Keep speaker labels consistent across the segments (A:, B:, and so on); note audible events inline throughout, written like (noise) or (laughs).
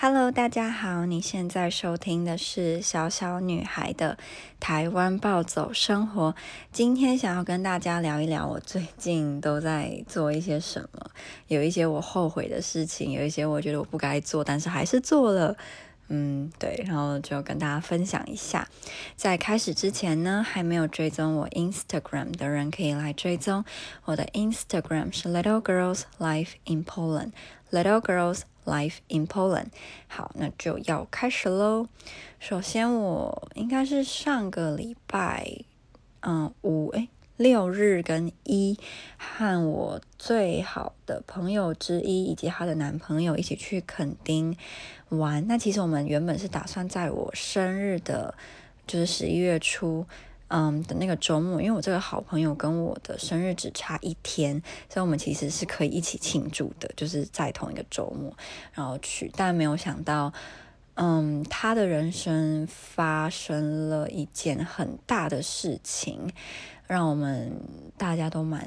A: Hello, 大家好，你現在收聽的是小小女孩的台灣暴走生活。今天想要跟大家聊一聊我最近都在做一些什麼，有一些我後悔的事情，有一些我覺得我不該做，但是還是做了。嗯，對，然後就跟大家分享一下。在開始之前呢，還沒有追蹤我 Instagram 的人可以來追蹤我的 Instagram Inst 是 Little Girls Life in Poland。Little girls' life in Poland。好，那就要開始嘍。首先，我應該是上個禮拜，嗯，五誒、欸，六日跟一和我最好的朋友之一以及她的男朋友一起去墾丁玩。那其實我們原本是打算在我生日的，就是十一月初。嗯，的那個週末，因為我這個好朋友跟我的生日只差一天，所以我們其實是可以一起慶祝的，就是在同一個週末，然後去。但沒有想到，嗯，他的人生發生了一件很大的事情，讓我們大家都蠻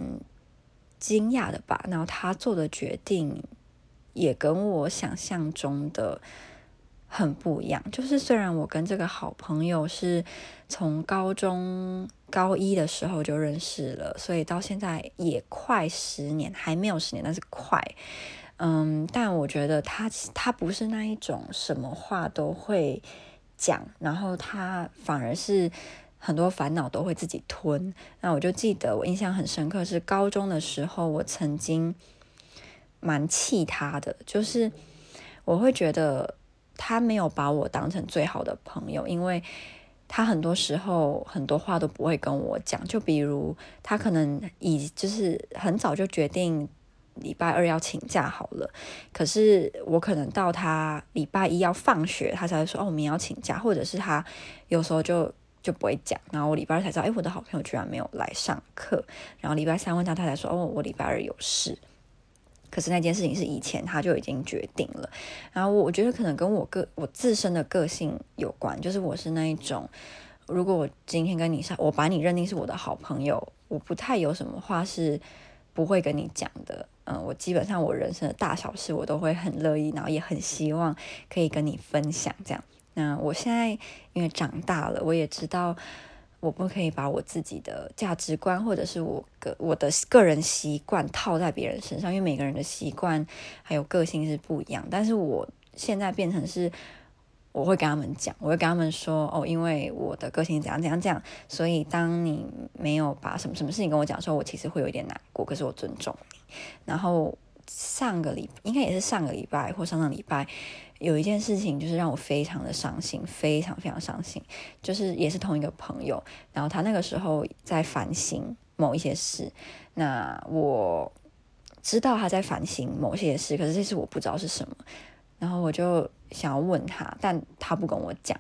A: 驚訝的吧。然後他做的決定也跟我想象中的。很不一樣，就是雖然我跟這個好朋友是從高中高一的時候就認識了，所以到現在也快十年，還沒有十年，但是快。嗯，但我覺得他他不是那一種什麼話都會講，然後他反而是很多煩惱都會自己吞。那我就記得我印象很深刻是高中的時候，我曾經蠻氣他的，就是我會覺得。他沒有把我當成最好的朋友，因為他很多時候很多話都不會跟我講。就比如他可能已就是很早就決定禮拜二要請假好了，可是我可能到他禮拜一要放學，他才會說哦，我們要請假，或者是他有時候就就不會講，然後我禮拜二才知道，哎，我的好朋友居然沒有來上課，然後禮拜三問他，他才說哦，我禮拜二有事。可是那件事情是以前他就已經決定了，然後我覺得可能跟我個我自身的個性有關，就是我是那一種，如果我今天跟你上，我把你認定是我的好朋友，我不太有什麼話是不會跟你講的，嗯，我基本上我人生的大小事我都會很樂意，然後也很希望可以跟你分享這樣。那我現在因為長大了，我也知道。我不可以把我自己的價值觀，或者是我個我的個人習慣套在別人身上，因為每個人的習慣還有個性是不一樣。但是我現在變成是，我會跟他們講，我會跟他們說，哦，因為我的個性怎樣怎樣這樣，所以當你沒有把什麼什麼事情跟我講的時候，我其實會有一點難過。可是我尊重你，然後。上個禮應該也是上個禮拜或上上禮拜，有一件事情就是讓我非常的傷心，非常非常傷心，就是也是同一個朋友，然後他那個時候在反省某一些事，那我知道他在反省某些事，可是這次我不知道是什麼，然後我就想要問他，但他不跟我講。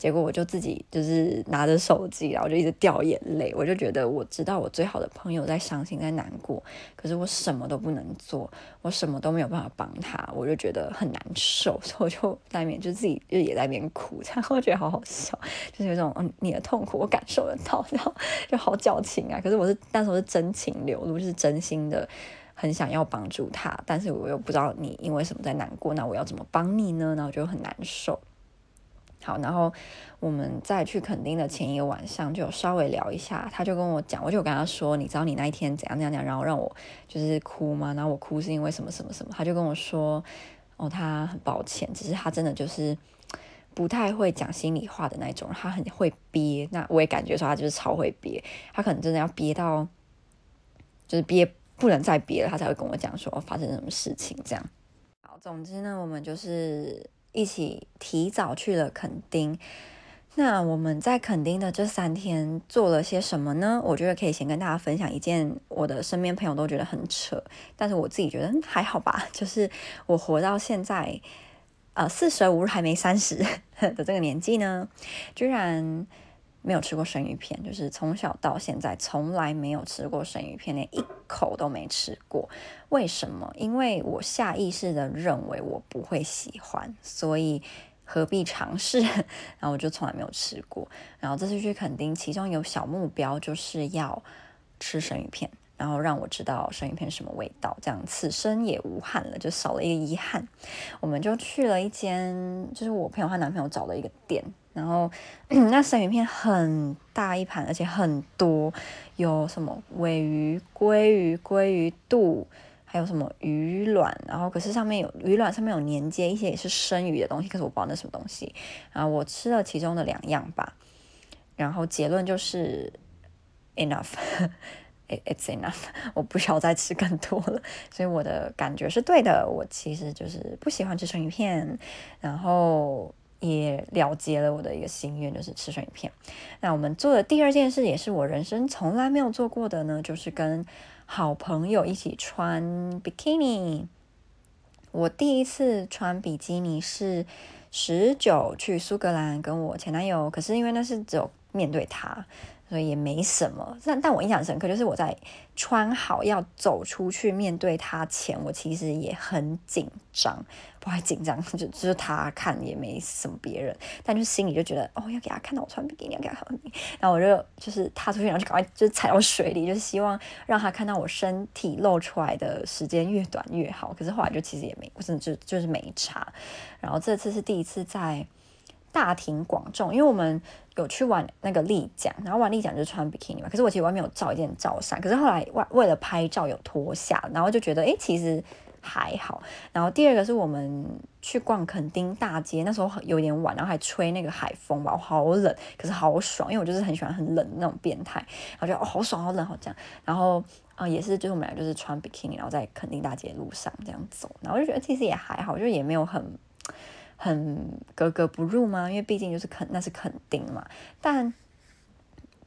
A: 結果我就自己就是拿着手機，然後就一直掉眼淚。我就覺得我知道我最好的朋友在傷心，在難過，可是我什麼都不能做，我什麼都沒有辦法幫他，我就覺得很難受，所以我就在那邊就自己就也在那邊哭，然後覺得好好笑，就是有種嗯、哦、你的痛苦我感受得到，然後就好矯情啊。可是我是那時候是真情流露，就是真心的很想要幫助他，但是我又不知道你因為什麼在難過，那我要怎麼幫你呢？然後就很難受。好，然後我們再去墾丁的前一個晚上，就稍微聊一下。他就跟我講，我就跟他說：“你知道你那一天怎樣怎樣講怎樣，然後讓我就是哭嘛。然後我哭是因為什麼什麼什麼？”他就跟我說：“哦，他很抱歉，只是他真的就是不太會講心裡話的那種，他很會憋。那我也感覺說他就是超會憋，他可能真的要憋到就是憋不能再憋了，他才會跟我講說發生什麼事情這樣。好，總之呢，我們就是。”一起提早去了墾丁，那我們在墾丁的這三天做了些什麼呢？我覺得可以先跟大家分享一件，我的身邊朋友都覺得很扯，但是我自己覺得還好吧。就是我活到現在，呃，四捨五入還沒三十的這個年紀呢，居然。沒有吃過生魚片，就是從小到現在從來沒有吃過生魚片，連一口都沒吃過。為什麼？因為我下意識的認為我不會喜歡，所以何必嘗試？然後我就從來沒有吃過。然後這次去墾丁，其中有小目標就是要吃生魚片，然後讓我知道生魚片什麼味道，這樣此生也無憾了，就少了一個遺憾。我們就去了一間，就是我朋友她男朋友找的一個店。然後 (coughs) 那生魚片很大一盤，而且很多，有什麼鮪魚、鮭魚、鮭魚肚，還有什麼魚卵。然後可是上面有魚卵，上面有粘接一些也是生魚的東西，可是我不知道那什麼東西。然後我吃了其中的兩樣吧。然後結論就是 enough，it's (laughs) enough，我不需要再吃更多了。所以我的感覺是對的，我其實就是不喜歡吃生魚片。然後。也了結了我的一個心願，就是吃水蜜片。那我們做的第二件事，也是我人生從來沒有做過的呢，就是跟好朋友一起穿比基尼。我第一次穿比基尼是十九去蘇格蘭跟我前男友，可是因為那是只有面對他。所以也沒什麼，但但我印象深刻，就是我在穿好要走出去面對他前，我其實也很緊張，不太緊張，就就是他看也沒什麼別人，但就心裡就覺得哦，要給他看到我穿比基尼，給你要給他看到你，然後我就就是踏出去，然後就趕快就踩到水裡，就是希望讓他看到我身體露出來的時間越短越好。可是後來就其實也沒，我真的就是、就是沒差。然後這次是第一次在。大庭廣眾，因為我們有去玩那個立槳，然後玩立槳就是穿比基尼嘛。可是我其實外面有罩一件罩衫，可是後來為為了拍照有脫下，然後就覺得誒、欸、其實還好。然後第二個是我們去逛墾丁大街，那時候有點晚，然後還吹那個海風吧，好冷，可是好爽，因為我就是很喜歡很冷的那種變態，然後覺得哦好爽，好冷，好這樣。然後啊、呃、也是，就是我們倆就是穿比基尼，然後在墾丁大街路上這樣走，然後就覺得其實也還好，就也沒有很。很格格不入嗎？因為畢竟就是肯，那是肯定嘛。但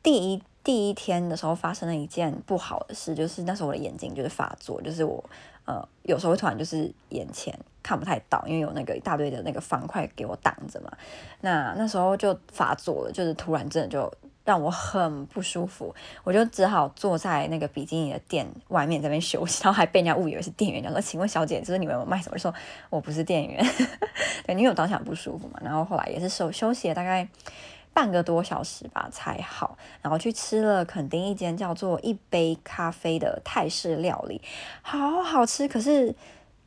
A: 第一，第一天的時候發生了一件不好的事，就是那時候我的眼睛就是發作，就是我呃有時候突然就是眼前看不太到，因為有那個一大堆的那個方塊給我擋着嘛。那那時候就發作了，就是突然真的就。讓我很不舒服，我就只好坐在那個比基尼的店外面這邊休息，然後還被人家誤以為是店員，講說：「請問小姐，就是你們有賣什麼？我說我不是店員， (laughs) 對，因為我當時很不舒服嘛。然後後來也是休休息了大概半個多小時吧才好，然後去吃了墾丁一間叫做一杯咖啡的泰式料理，好好吃。可是，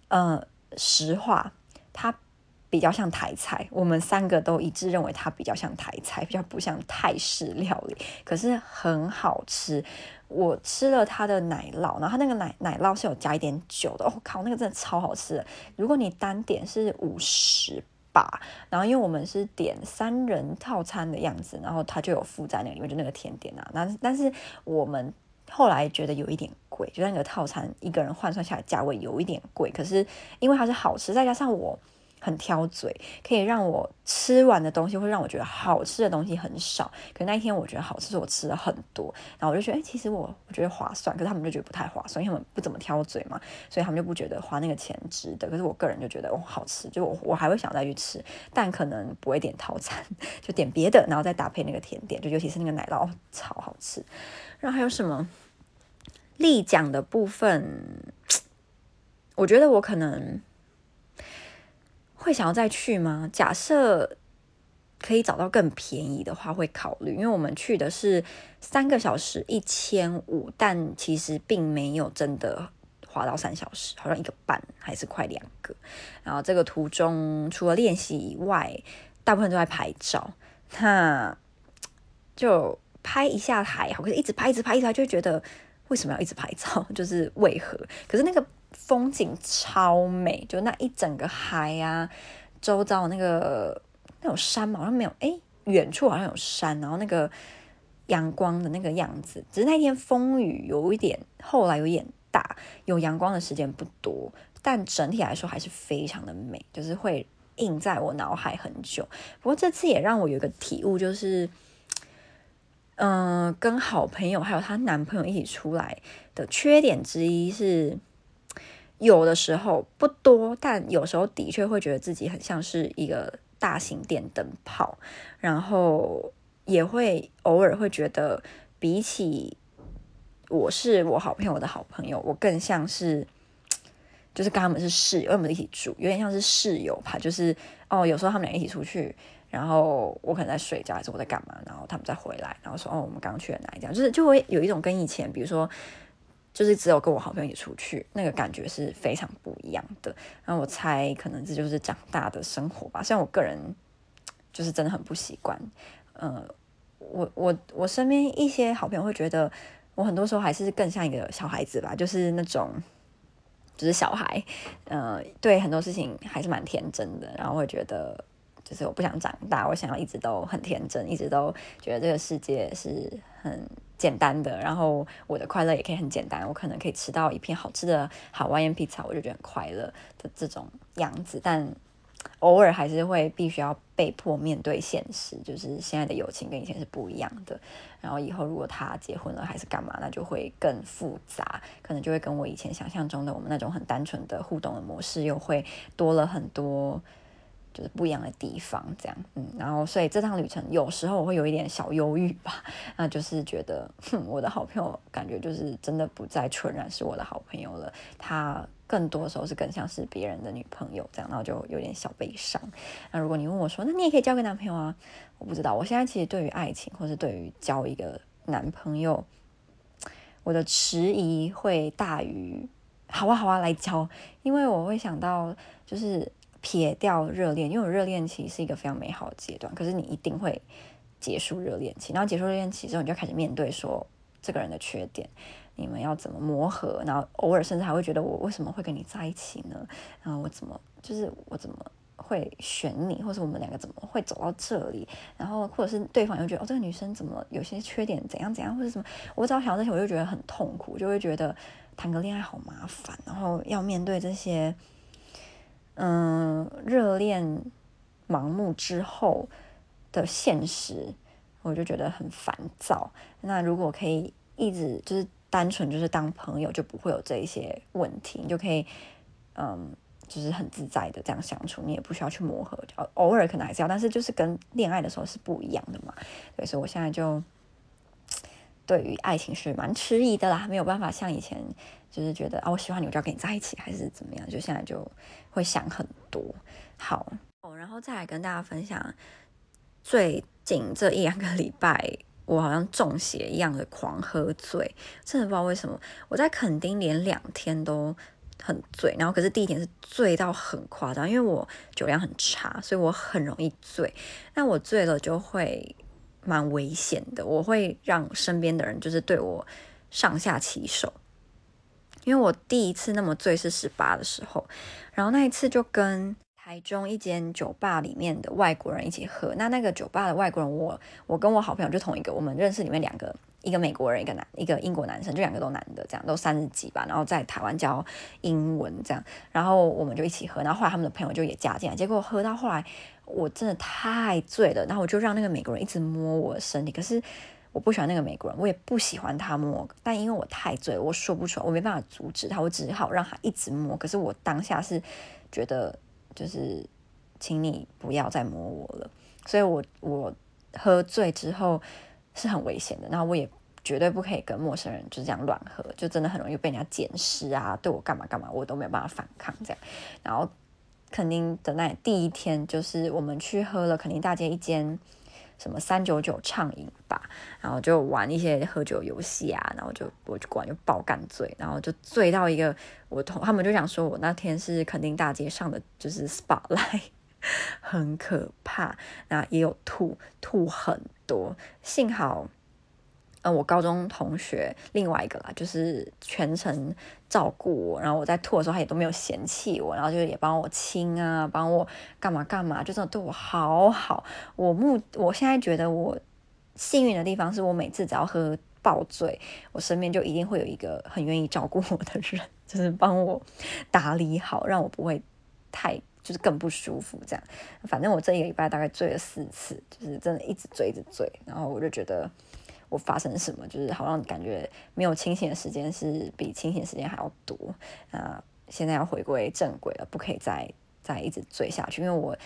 A: 嗯、呃，實話，它。比較像台菜，我們三個都一致認為它比較像台菜，比較不像泰式料理，可是很好吃。我吃了它的奶酪，然後它那個奶奶酪是有加一點酒的。我、哦、靠，那個真的超好吃的。如果你單點是五十吧，然後因為我們是點三人套餐的樣子，然後它就有附在那個裡面，就那個甜點啊。但但是我們後來覺得有一點貴，就那個套餐一個人換算下來價位有一點貴，可是因為它是好吃，再加上我。很挑嘴，可以讓我吃完的東西會讓我覺得好吃的東西很少。可那一天我覺得好吃，我吃了很多，然後我就覺得，欸、其實我我覺得划算。可是他們就覺得不太划算，因為他們不怎麼挑嘴嘛，所以他們就不覺得花那個錢值得。可是我個人就覺得，哇、哦，好吃！就我我還會想要再去吃，但可能不會點套餐，就點別的，然後再搭配那個甜點，就尤其是那個奶酪，哦、超好吃。然後還有什麼立獎的部分，我覺得我可能。會想要再去嗎？假設可以找到更便宜的話，會考慮。因為我們去的是三個小時一千五，但其實並沒有真的花到三小時，好像一個半還是快兩個。然後這個途中除了練習以外，大部分都在拍照。那就拍一下還好，可是一直拍、一直拍、一直拍，就會覺得為什麼要一直拍照？就是為何？可是那個。風景超美，就那一整個海啊，周遭那個那種山嘛，好像沒有，哎，遠處好像有山，然後那個陽光的那個樣子，只是那天風雨有一點，後來有一點大，有陽光的時間不多，但整體來說還是非常的美，就是會印在我腦海很久。不過這次也讓我有個體悟，就是，嗯、呃，跟好朋友還有她男朋友一起出來的缺點之一是，有的時候不多，但有時候的確會覺得自己很像是一個大型電燈泡，然後也會偶爾會覺得，比起我是我好朋友的好朋友，我更像是就是跟他們是室友，因為我們一起住，有點像是室友吧。就是哦，有時候他們倆一起出去，然後我可能在睡覺還是我在幹嘛，然後他們再回來，然後說哦，我們剛去了哪一家這樣，就是就會有一種跟以前，比如說。就是只有跟我好朋友出去，那個感覺是非常不一樣的。然後我猜，可能這就是長大的生活吧。雖然我個人，就是真的很不習慣。呃，我我我身邊一些好朋友會覺得，我很多時候還是更像一個小孩子吧，就是那種，就是小孩，呃，對很多事情還是蠻天真的。然後會覺得。就是我不想長大，我想要一直都很天真，一直都覺得這個世界是很簡單的，然後我的快樂也可以很簡單，我可能可以吃到一片好吃的 Hawaiian pizza，我就覺得很快樂的這種樣子。但偶爾還是會必須要被迫面對現實，就是現在的友情跟以前是不一樣的。然後以後如果他結婚了還是幹嘛，那就會更複雜，可能就會跟我以前想象中的我們那種很單純的互動的模式又會多了很多。就是不一樣的地方，這樣，嗯，然後，所以這趟旅程有時候我會有一點小憂鬱吧，那就是覺得，哼，我的好朋友感覺就是真的不再純然是我的好朋友了，他更多時候是更像是別人的女朋友這樣，然後就有點小悲傷。那如果你問我說，那你也可以交個男朋友啊？我不知道，我現在其實對於愛情或是對於交一個男朋友，我的遲疑會大於好啊好啊來交，因為我會想到就是。撇掉熱戀，因為我熱戀期是一個非常美好的階段。可是你一定會結束熱戀期，然後結束熱戀期之後，你就開始面對說，這個人的缺點，你們要怎麼磨合？然後偶爾甚至還會覺得我為什麼會跟你在一起呢？然後我怎麼就是我怎麼會選你，或者我們兩個怎麼會走到這裡？然後或者是對方又覺得哦這個女生怎麼有些缺點怎樣怎樣或者什麼，我只要想到這些我就覺得很痛苦，就會覺得談個戀愛好麻煩，然後要面對這些。嗯，熱戀盲目之後的現實，我就覺得很煩躁。那如果可以一直就是單純就是當朋友，就不會有這一些問題，你就可以嗯，就是很自在的這樣相處，你也不需要去磨合，偶爾可能還是要，但是就是跟戀愛的時候是不一樣的嘛。所以，我現在就。對於愛情是蠻遲疑的啦，沒有辦法像以前，就是覺得啊、哦，我喜歡你，我就要跟你在一起，還是怎麼樣？就現在就會想很多。好，哦、然後再來跟大家分享，最近這一兩個禮拜，我好像中邪一樣的狂喝醉，真的不知道為什麼。我在墾丁連兩天都很醉，然後可是第一天是醉到很誇張，因為我酒量很差，所以我很容易醉。那我醉了就會。蠻危險的，我會讓身邊的人就是對我上下其手，因為我第一次那麼醉是十八的時候，然後那一次就跟台中一間酒吧裡面的外國人一起喝，那那個酒吧的外國人我我跟我好朋友就同一個，我們認識裡面兩個，一個美國人，一個男，一個英國男生，就兩個都男的，這樣都三十幾吧，然後在台灣教英文，這樣，然後我們就一起喝，然後後來他們的朋友就也加進來，結果喝到後來，我真的太醉了，然後我就讓那個美國人一直摸我的身體，可是我不喜歡那個美國人，我也不喜歡他摸，但因為我太醉了，我說不出來，我沒辦法阻止他，我只好讓他一直摸，可是我當下是覺得就是，請你不要再摸我了，所以我我喝醉之後。是很危險的，然後我也絕對不可以跟陌生人就這樣亂喝，就真的很容易被人家撿屍啊，對我幹嘛幹嘛，我都沒有辦法反抗這樣。然後肯定的那第一天就是我們去喝了，肯定大街一間什麼三九九暢飲吧，然後就玩一些喝酒遊戲啊，然後就我就管就爆干醉，然後就醉到一個我同他們就想說我那天是肯定大街上的就是 Spotlight。很可怕，那也有吐吐很多，幸好，呃，我高中同學另外一個啦，就是全程照顧我，然後我在吐的時候，他也都沒有嫌棄我，然後就也幫我清啊，幫我幹嘛幹嘛，就真的對我好好。我目我現在覺得我幸運的地方，是我每次只要喝爆醉，我身邊就一定會有一個很願意照顧我的人，就是幫我打理好，讓我不會太。就是更不舒服這樣，反正我這一個禮拜大概醉了四次，就是真的一直醉一直醉，然後我就覺得我發生什麼，就是好像感覺沒有清醒的時間是比清醒時間還要多。那，現在要回歸正軌了，不可以再再一直醉下去。因為我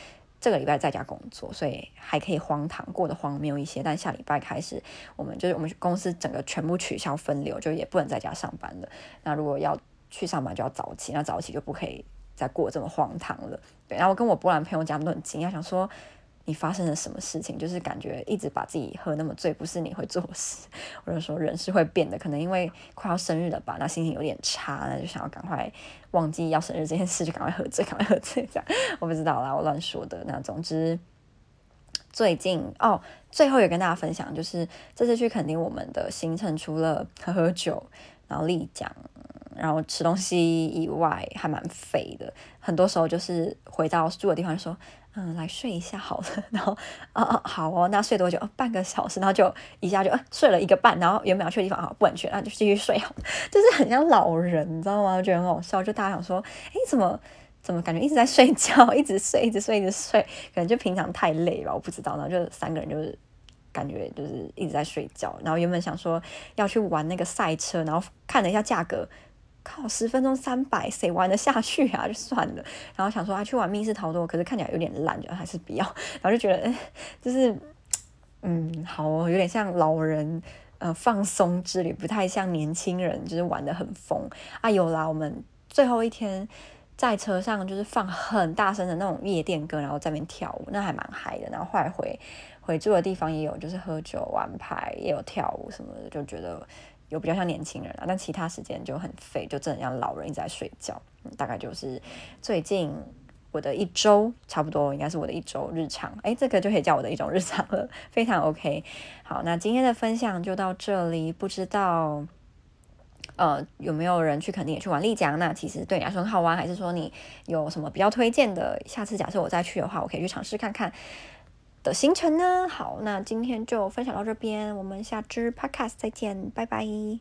A: 這個禮拜在家工作，所以還可以荒唐過得荒謬一些。但下禮拜開始，我們就是我們公司整個全部取消分流，就也不能在家上班了。那如果要去上班就要早起，那早起就不可以。在過這麼荒唐了，對，然後跟我波蘭朋友講，他都很驚訝，想說你發生了什麼事情？就是感覺一直把自己喝那麼醉，不是你會做事。或者說人是會變的，可能因為快要生日了吧，那心情有點差，那就想要趕快忘記要生日這件事，就趕快喝醉，趕快喝醉這樣，我不知道啦，我亂說的。那總之，最近哦，最後也跟大家分享，就是這次去墾丁我們的行程，除了喝喝酒，然後麗江。然後吃東西以外還蠻肥的，很多時候就是回到住的地方說，嗯，來睡一下好了。然後啊、嗯嗯，好哦，那睡多久，嗯？半個小時。然後就一下就、嗯、睡了一個半。然後原本要去的地方啊，不敢去，那就繼續睡呵呵。就是很像老人，你知道嗎？就很好笑。就大家想說，哎，怎麼怎麼感覺一直在睡覺，一直睡，一直睡，一直睡。可能就平常太累了，我不知道。然後就三個人就是感覺就是一直在睡覺。然後原本想說要去玩那個賽車，然後看了一下價格。靠十分鐘三百，誰玩得下去啊？就算了。然後想說啊，去玩密室逃脫，可是看起來有點爛，就還是不要。然後就覺得，哎，就是，嗯，好哦，有點像老人呃放鬆之旅，不太像年輕人，就是玩得很瘋啊。有啦，我們最後一天在車上就是放很大聲的那種夜店歌，然後在那邊跳舞，那還蠻嗨的。然後後來回。回住的地方也有，就是喝酒、玩牌，也有跳舞什麼的，就覺得有比較像年輕人啊。但其他時間就很廢，就真的讓老人一直在睡覺，嗯。大概就是最近我的一週，差不多應該是我的一週日常。誒，這個就可以叫我的一種日常了，非常 OK。好，那今天的分享就到這裡。不知道呃有沒有人去，肯定也去玩麗江。那其實對你來說很好玩，還是說你有什麼比較推薦的？下次假設我再去的話，我可以去嘗試看看。的行程呢？好，那今天就分享到這邊，我們下支 podcast 再見，拜拜。